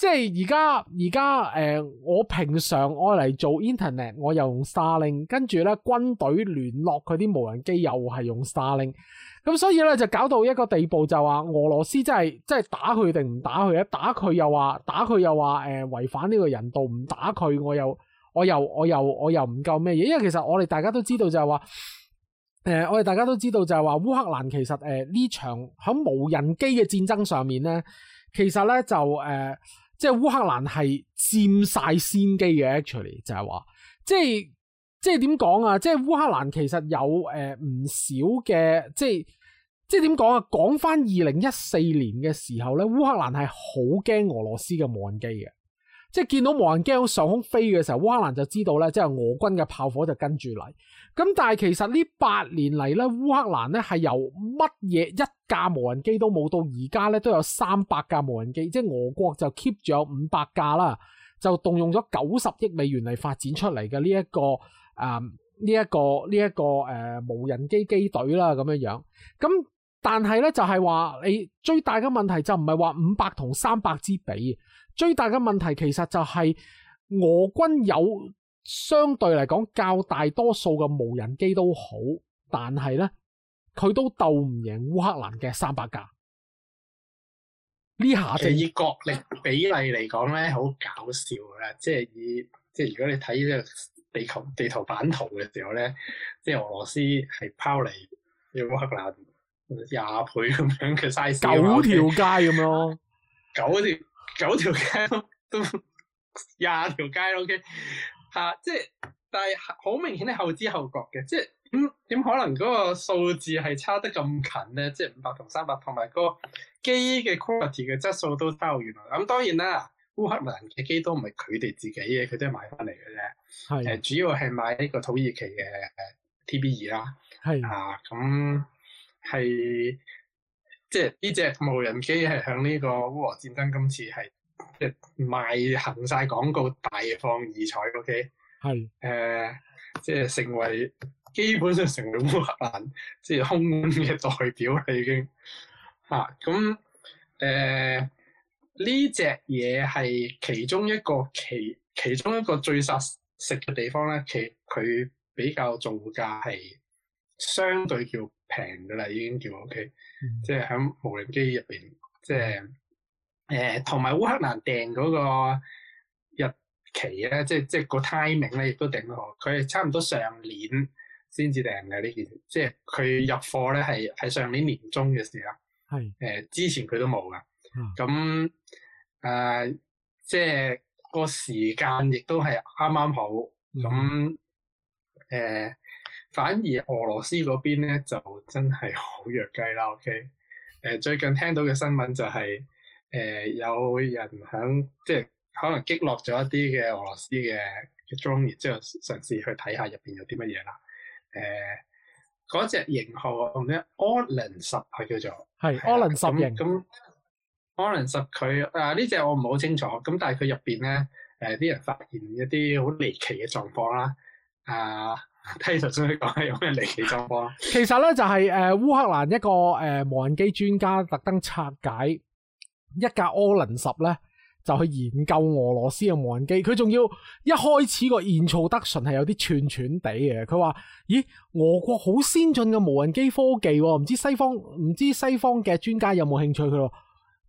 即係而家而家，誒、呃、我平常我嚟做 internet，我又用 Starlink 跟住咧軍隊聯絡佢啲無人機又係用 Starlink 咁所以咧就搞到一個地步就話俄羅斯真係即係打佢定唔打佢咧？打佢又話打佢又話誒、呃、違反呢個人道，唔打佢我又我又我又我又唔夠咩嘢？因為其實我哋大家都知道就係話，誒、呃、我哋大家都知道就係話烏克蘭其實誒呢、呃、場喺無人機嘅戰爭上面咧，其實咧就誒。呃即係烏克蘭係占晒先機嘅，actually 就係話即係即係點講啊？即係烏克蘭其實有誒唔少嘅即係即係點講啊？講翻二零一四年嘅時候咧，烏克蘭係好驚俄羅斯嘅無人機嘅。即係見到無人機喺上空飛嘅時候，烏克蘭就知道咧，即係俄軍嘅炮火就跟住嚟。咁但係其實呢八年嚟咧，烏克蘭咧係由乜嘢一架無人機都冇，到而家咧都有三百架無人機。即係俄國就 keep 咗五百架啦，就動用咗九十億美元嚟發展出嚟嘅呢一個啊，呢一個呢一個誒呃無人機機隊啦咁樣樣。咁但係咧就係話你最大嘅問題就唔係話五百同三百之比。最大嘅問題其實就係俄軍有相對嚟講較大多數嘅無人機都好，但係咧佢都鬥唔贏烏克蘭嘅三百架。呢下就以國力比例嚟講咧，好搞笑㗎啦，即係以即係如果你睇呢個地球地圖版圖嘅時候咧，即係俄羅斯係拋離烏克蘭廿倍咁樣嘅 size，九條街咁樣咯， 九條。九 條街都都廿條街咯，OK，嚇、uh，即係但係好明顯係後知後覺嘅，即係點點可能嗰個數字係差得咁近咧？即係五百同三百，同埋個機嘅 quality 嘅質素都差好遠啊！咁當然啦，烏克蘭嘅機都唔係佢哋自己嘅，佢都係買翻嚟嘅啫。係的，誒、呃、主要係買呢個土耳其嘅 TB2 啦，係啊，咁係。即係呢隻無人機係響呢個烏俄戰爭今次係即係賣行晒廣告大放異彩，OK？係誒是、呃，即係成為基本上成為烏克蘭即係空管嘅代表啦，已經吓咁誒呢隻嘢係其中一個其其中一個最殺食嘅地方咧，其佢比較造價係相對叫平噶啦，已經叫 OK，、嗯、即係喺無人機入邊，即係誒同埋烏克蘭訂嗰個日期咧，即係即係個 timing 咧，亦都訂得好。佢係差唔多上年先至訂嘅呢件事，即係佢入貨咧係喺上年年中嘅時候，係誒是、呃、之前佢都冇噶，咁誒、嗯呃、即係、個時間亦都係啱啱好，咁誒。嗯呃反而俄羅斯嗰邊咧就真係好弱雞啦。OK，誒，最近聽到嘅新聞就係、是、誒、呃、有人響即係可能擊落咗一啲嘅俄羅斯嘅機裝，然之後嘗試去睇下入邊有啲乜嘢啦。誒，嗰隻型號同咩？Orlan 十係叫做係 Orlan 十型。咁 Orlan 十佢誒呢隻我唔係好清楚。咁但係佢入邊咧，誒、呃、啲人發現一啲好離奇嘅狀況啦，啊～睇頭先佢講係有咩離奇狀況啊？其實咧就係誒烏克蘭一個誒無人機專家特登拆解一架柯林十咧，就去研究俄羅斯嘅無人機。佢仲要一開始個 introduction 係有啲串串地嘅。佢話：咦，俄國好先進嘅無人機科技，唔知西方唔知西方嘅專家有冇興趣佢？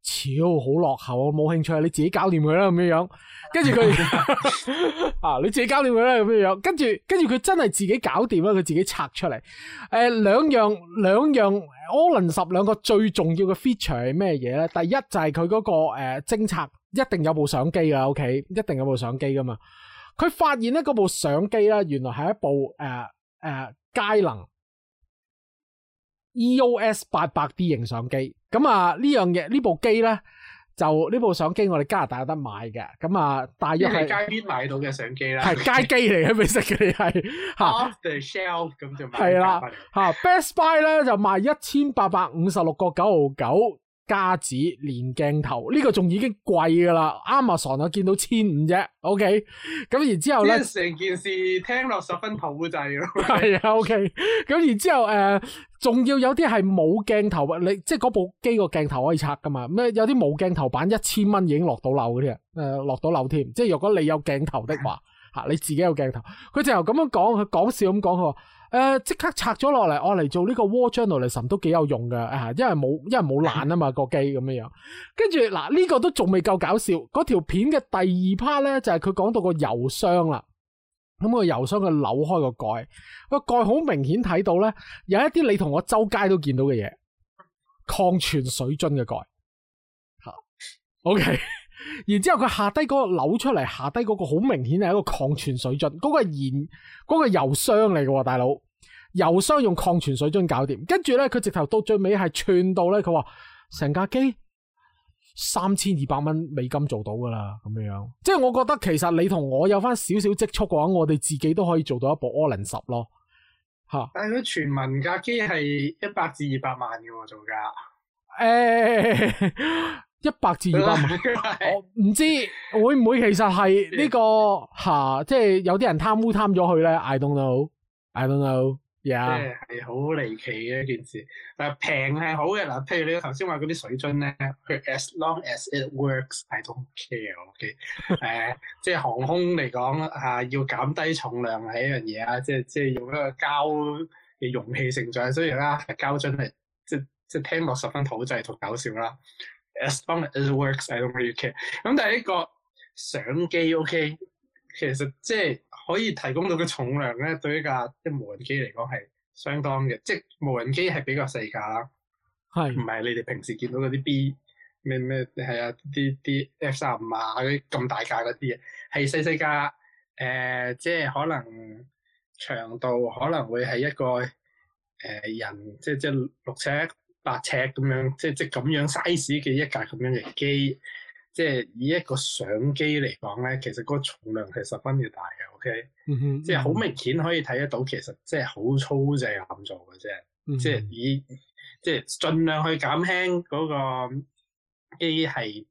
超好落後啊！冇興趣，你自己搞掂佢啦，咁嘅樣，跟住佢啊，你自己搞掂佢啦，咁嘅樣，跟住跟住佢真係自己搞掂啦！佢自己拆出嚟，誒、呃，兩樣兩樣柯林十兩個最重要嘅 feature 係咩嘢咧？第一就係佢嗰個誒，偵、呃、察一定有部相機噶，O K，一定有部相機噶嘛。佢發現咧部相機咧，原來係一部誒誒、呃呃、佳能 E O S 八百 D 型相機。咁啊，呢樣嘢呢部機咧，就呢部相機我哋加拿大有得買嘅。咁啊，大約係街邊買到嘅相機啦，係 街機嚟嘅，唔識嘅你係吓。Off the shelf 咁 就係啦，吓的 Best Buy 咧就賣一千八百五十六個九毫九。家子連鏡頭呢、這個仲已經貴噶啦，Amazon 我見到千五啫，OK，咁然之後咧成件事聽落十分頭烏劑咯，係啊，OK，咁、 okay? 然之後誒，仲、呃、要有啲係冇鏡頭啊，你即係嗰部機個鏡頭可以拆噶嘛？咩有啲冇鏡頭版一千蚊已經落到樓嘅，誒、呃、落到樓添，即係如果你有鏡頭的話，吓 你自己有鏡頭，佢就由咁樣講，佢講笑咁講個。誒，即、呃、刻拆咗落嚟，我、哦、嚟做呢個 war journalism 落嚟，什都幾有用噶吓、啊，因為冇因為冇爛啊嘛、 這個機咁樣樣，跟住嗱呢個都仲未夠搞笑，嗰條片嘅第二 part 咧就係佢講到個油箱啦，咁、嗯、個油箱佢扭開個蓋，個蓋好明顯睇到咧有一啲你同我周街都見到嘅嘢，礦泉水樽嘅蓋吓 ，OK。然之後佢下低嗰個扭出嚟，下低嗰個好明顯係一個礦泉水樽，嗰、嗰個燃嗰、嗰個油箱嚟嘅喎，大佬油箱用礦泉水樽搞掂，跟住呢，佢直頭到最尾係串到呢，佢話成架機三千二百蚊美金做到噶啦，咁樣，即係我覺得其實你同我有返少少積蓄嘅話，我哋自己都可以做到一部 Orlan 十咯，吓、啊。但係佢全民架機係一百至二百萬嘅造價。誒、哎。哎哎哎一百至二百萬， 我唔知會唔會其實係呢、這個吓、 啊，即係有啲人貪污貪咗佢咧。I don't know, I don't know。係啊，係好離奇嘅一件事。但係平係好嘅嗱，譬如你頭先話嗰啲水樽咧，佢 as long as it works，I don't care、okay？誒、 啊，即係航空嚟講吓，要減低重量係一樣嘢啊，即係即係用一個膠嘅容器盛載，所以咧膠樽係即即係聽落十分土製同搞笑啦。As long as it works，I don't care。咁但係呢個相機 OK，其實即係可以提供到嘅重量咧，對於一架即係無人機嚟講係相當嘅。即、就、係、是、無人機係比較細架，係唔係你哋平時見到嗰啲 B 咩咩係啊啲啲 F 35啊啲咁大架嗰啲嘢，係細細架。誒、呃，即、就、係、是、可能長度可能會係一個誒、呃、人，即、就、即、是就是、六尺。白尺咁樣，即即咁樣 size 嘅一架咁樣嘅機，即以一個相機嚟講咧，其實個重量係十分之大嘅。O、okay? K，、mm hmm. 即好明顯可以睇得到，其實即好粗製咁做嘅啫。即以、mm hmm. 即盡量去減輕嗰個機係，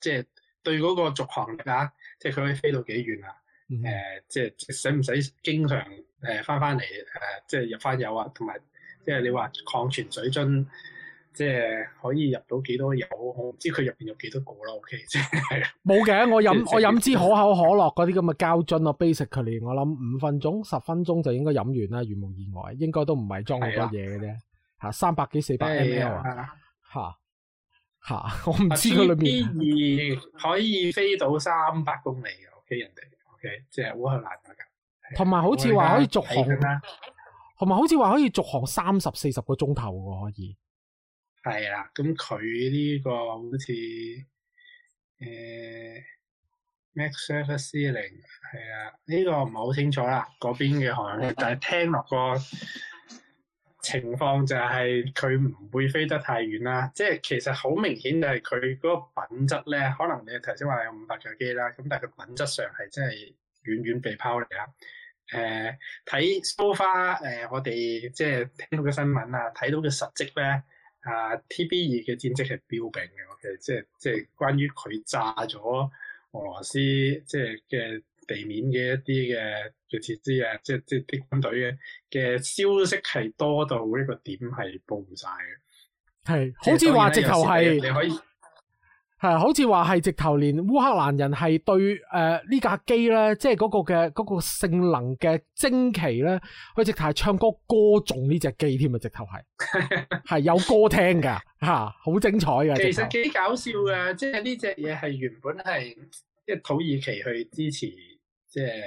即對嗰個續航力啊，即佢可以飛到幾遠啊？誒、mm hmm. 呃，即即使唔使經常誒翻翻嚟誒，即入翻油啊，同埋。即係你話礦泉水樽，即、就、係、是、可以入到幾多油？我唔知佢入邊有幾多個咯。O K，即係冇嘅。我飲、 就是、我飲支可口可樂嗰啲咁嘅膠樽咯，basically 我諗五分鐘、十分鐘就應該飲完啦，如無意外，應該都唔係裝好多嘢嘅啫。吓，三百幾四百 M L 啊？吓吓、啊啊啊，我唔知佢裏面。TB2 可以飛到三百公里嘅 O K 人哋。O K，即係好難得噶。同埋好似話可以續航。同埋好似話可以續航三十四十個鐘頭喎，可以係啦。咁佢呢個好似誒 Max Serve C 零係啊，呢個唔係好清楚啦。嗰邊嘅航， 但係聽落個情況就係佢唔會飛得太遠啦。即係其實好明顯就係佢嗰個品質咧，可能你頭先話有五百架機啦，咁但係佢品質上係真係遠遠被拋離啦。誒，睇 so far 誒，我哋即係聽到嘅新聞啊，睇到嘅實績咧啊，TB2 嘅戰績係彪炳嘅，OK，即係即係關於佢炸咗俄羅斯即係嘅地面嘅一啲嘅嘅設施嘅，即係即係軍隊嘅嘅消息係多到呢個點係報唔晒嘅，係，好似話直頭係你可以。係，好似話係直頭連烏克蘭人係對誒呢、呃、架機咧，即係嗰個嘅、那個性能嘅精奇咧，佢直頭係唱歌歌頌呢隻機添啊！直頭係係有歌聽噶吓，好、啊、精彩啊！其實幾搞笑嘅， 即係呢隻嘢係原本係即係土耳其去支持即係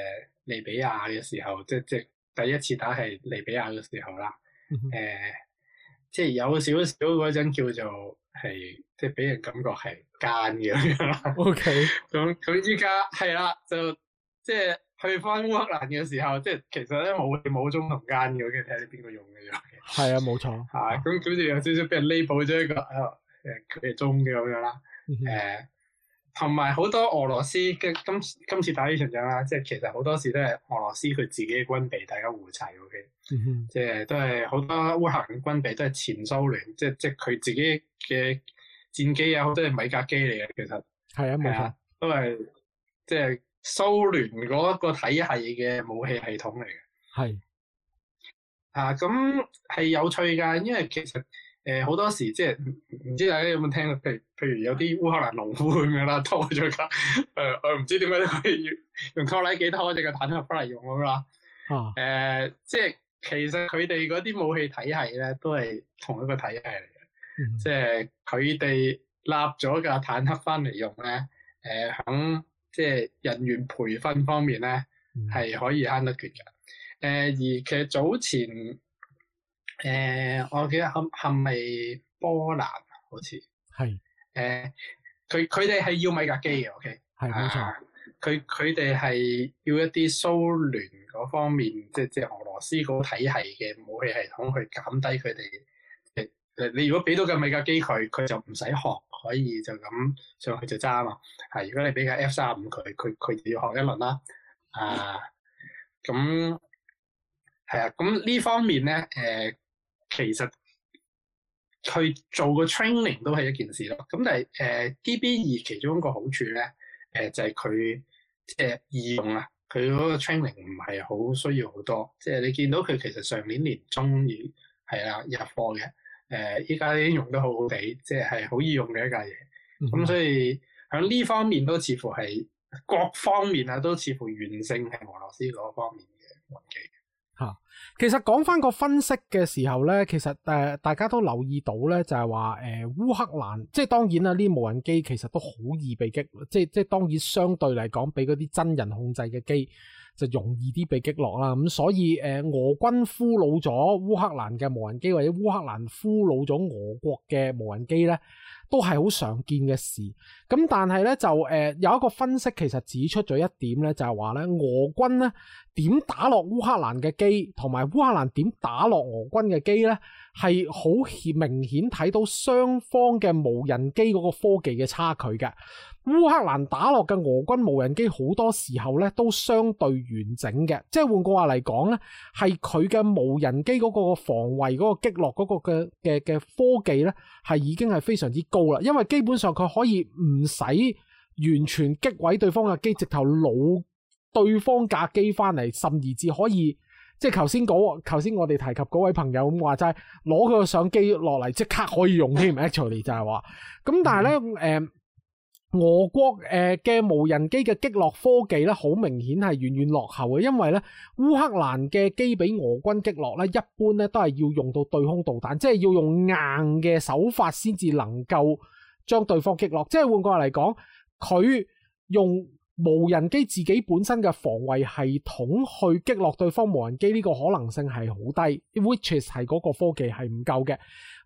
利比亞嘅時候，即係即第一次打係利比亞嘅時候啦。誒、 呃，即係有少少嗰陣叫做係。即係俾人感覺係奸嘅樣啦。OK，咁咁依家係啦，就即係、就是、去翻烏克蘭嘅時候，即、就、係、是、其實咧冇冇中同奸嘅，即係睇下邊個用嘅啫。係、yeah, 啊，冇錯。吓，咁跟住有少少俾人 label 咗一個誒，佢係中嘅咁樣啦。誒，同埋好多俄羅斯嘅今今次打呢場仗啦，即、就、係、是、其實好多時都係俄羅斯佢自己嘅軍備，大家互齊 OK，即係、嗯、哼都係好多烏克蘭嘅軍備都係前蘇聯、就是，即係即係佢自己嘅。戰機啊，好即係米格機嚟嘅，其實係啊，冇錯，都係即係蘇聯嗰個體系嘅武器系統嚟嘅，係是啊，咁係有趣噶，因為其實誒好、呃、多時即係唔知大家有冇聽過譬，譬如譬如有啲烏克蘭農夫咁樣啦，拖咗架誒，唔、 呃、知點解可以用，用拖拉機拖隻嘅坦克翻嚟用咁啦，誒、啊，即係、呃就是、其實佢哋嗰啲武器體系咧，都係同一個體系嚟。嗯、即係佢哋立咗架坦克翻嚟用咧，誒、呃、響即係人員培訓方面咧係、嗯、可以慳得㗎。誒、呃、而其實早前誒、呃，我記得係係咪波蘭好似係誒？佢佢哋係要米格機嘅，OK 係冇錯。佢佢哋係要一啲蘇聯嗰方面，即係即係俄羅斯嗰個體系嘅武器系統去減低佢哋。你如果俾到個米格機佢，佢就唔使學，可以就咁上去就揸啊。係如果你俾架 F 三五佢，佢佢要學一輪啦。啊，咁係啊，咁呢方面咧，誒、呃、其實佢做個 training 都係一件事咯。咁但係誒、呃、TB2 其中一個好處咧，誒、呃、就係佢即係易用、就是、年年啊。佢嗰個 training 唔係好需要好多，即係你見到佢其實上年年中已係啦入貨嘅。誒，依家、呃、已經用得好好地，即係好易用嘅一架嘢。咁所以喺呢方面都似乎係各方面啊，都似乎完勝係俄羅斯嗰方面嘅無人機。吓、啊，其實講翻個分析嘅時候呢，其實誒、呃，大家都留意到呢就係話誒，烏、呃、克蘭即係當然啦，呢啲無人機其實都好易被擊，即係即係當然相對嚟講，俾嗰啲真人控制嘅機。就容易啲被擊落啦，咁、嗯、所以誒、呃、俄軍俘虜咗烏克蘭嘅無人機或者烏克蘭俘虜咗俄國嘅無人機咧，都係好常見嘅事，咁但係咧就誒、呃、有一個分析其實指出咗一點咧，就係話咧俄軍咧點打落烏克蘭嘅機，同埋烏克蘭點打落俄軍嘅機咧，係好明顯睇到雙方嘅無人機嗰個科技嘅差距嘅。烏克蘭打落嘅俄軍無人機好多時候咧都相對完整嘅，即係換句話嚟講咧，係佢嘅無人機嗰個防衛嗰個擊落嗰個嘅嘅嘅科技咧，係已經係非常之高。因為基本上佢可以唔使完全擊毀對方嘅機，直頭攞對方架機翻嚟，甚至至可以即係頭先嗰頭先我哋提及嗰位朋友咁話齋，攞佢個相機落嚟即刻可以用添，actually、嗯、就係話，咁但係咧，誒、嗯。俄國誒嘅無人機嘅擊落科技咧，好明顯係遠遠落後嘅，因為咧烏克蘭嘅機俾俄軍擊落咧，一般咧都係要用到對空導彈，即係要用硬嘅手法先至能夠將對方擊落。即係換句話嚟講，佢用無人機自己本身嘅防衛系統去擊落對方無人機呢個可能性係好低，which is 係嗰個科技係唔夠嘅。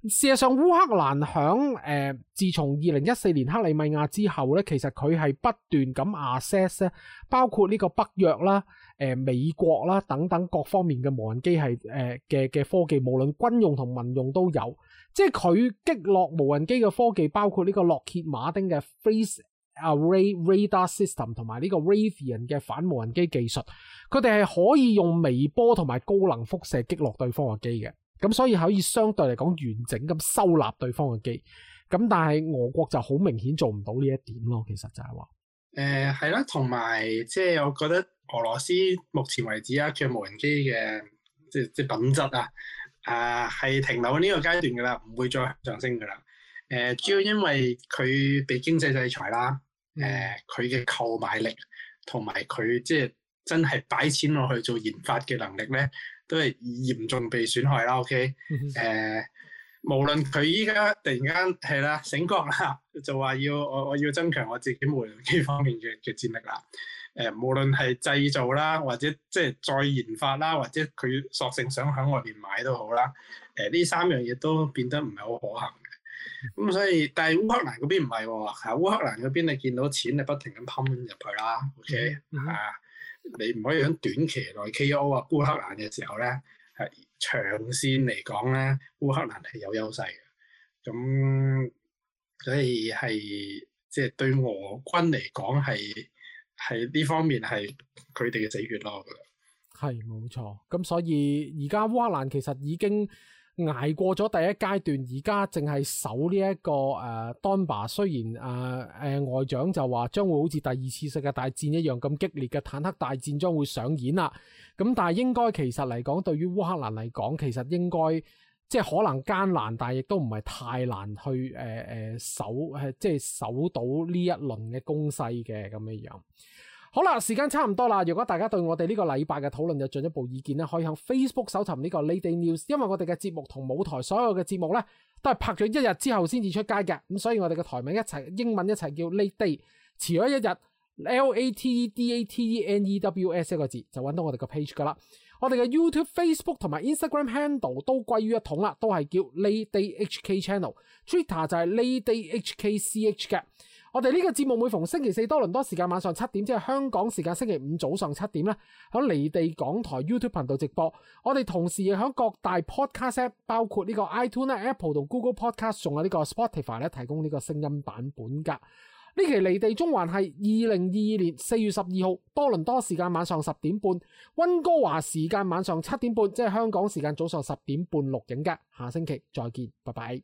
事實上，烏克蘭響誒，自從二零一四年克里米亞之後咧，其實佢係不斷咁 assess 咧，包括呢個北約啦、誒、呃、美國啦等等各方面嘅無人機係誒嘅嘅科技，無論軍用同民用都有。即係佢擊落無人機嘅科技，包括呢個洛歇馬丁嘅 Phased Array Radar System 同埋呢個 Raytheon 嘅反無人機技術，佢哋係可以用微波同埋高能輻射擊落對方嘅機嘅。咁所以可以相對嚟講完整咁收納對方嘅機，咁但係俄國就好明顯做唔到呢一點咯。其實就係話，誒係啦，同埋即係我覺得俄羅斯目前為止啊，佢嘅無人機嘅即係即係品質啊，啊係停留喺呢個階段㗎啦，唔會再上升㗎啦。誒主要因為佢被經濟制裁啦，誒佢嘅購買力同埋佢即係真係擺錢落去做研發嘅能力咧，都係嚴重被損害啦，OK？誒、mm hmm. 呃，無論佢依家突然間係啦醒覺啦， 就話要我我要增強我自己無人機方面嘅嘅戰力啦，誒、呃，無論係製造啦，或者即係再研發啦，或者佢索性想響外邊買都好啦，誒、呃，呢三樣嘢都變得唔係好可行嘅。咁、mm hmm. 所以，但係烏克蘭嗰邊唔係喎，喺烏克蘭嗰邊你見到錢你不停咁噴入去啦，OK？係啊、mm。Hmm. 你唔可以喺短期內 KO 啊烏克蘭嘅時候咧，係長線嚟講咧，烏克蘭係有優勢嘅。咁所以係即係對俄軍嚟講係係呢方面係佢哋嘅死穴咯。係冇錯。咁所以而家烏克蘭其實已經捱過咗第一階段，而家淨係守呢、這、一個誒、呃、Donbas 雖然誒誒、呃呃、外長就話將會好似第二次世界大戰一樣咁激烈嘅坦克大戰將會上演啦。咁但係應該其實嚟講，對於烏克蘭嚟講，其實應該即係可能艱難，但係亦都唔係太難去誒誒、呃、守，即、就、係、是、守到呢一輪嘅攻勢嘅咁嘅樣。好啦，時間差唔多啦。如果大家對我哋呢個禮拜嘅討論有進一步意見呢，可以向 Facebook 搜尋呢個 Late Date News。因為我哋嘅節目同舞台所有嘅節目呢，都係拍咗一日之後先至出街嘅。咁所以我哋嘅台名一齊英文一齊叫 Late Date，遲咗一日，L A T E D A T E N E W S 一個字就揾到我哋個 page 噶啦。我哋嘅 YouTube、Facebook 同埋 Instagram handle 都歸於一統啦，都係叫 Late Date HK Channel。Twitter 就係 Late Date HK CH 嘅。我哋呢個節目每逢星期四多倫多時間晚上七點，即係香港時間星期五早上七點咧，喺離地港台 YouTube 頻道直播。我哋同時亦喺各大 Podcast，包括呢個 iTunes Apple 同 Google Podcast，仲有呢個 Spotify 咧，提供呢個聲音版本噶。呢期離地中環係二零二二年四月十二號多倫多時間晚上十點半，溫哥華時間晚上七點半，即係香港時間早上十點半錄影噶。下星期再見，拜拜。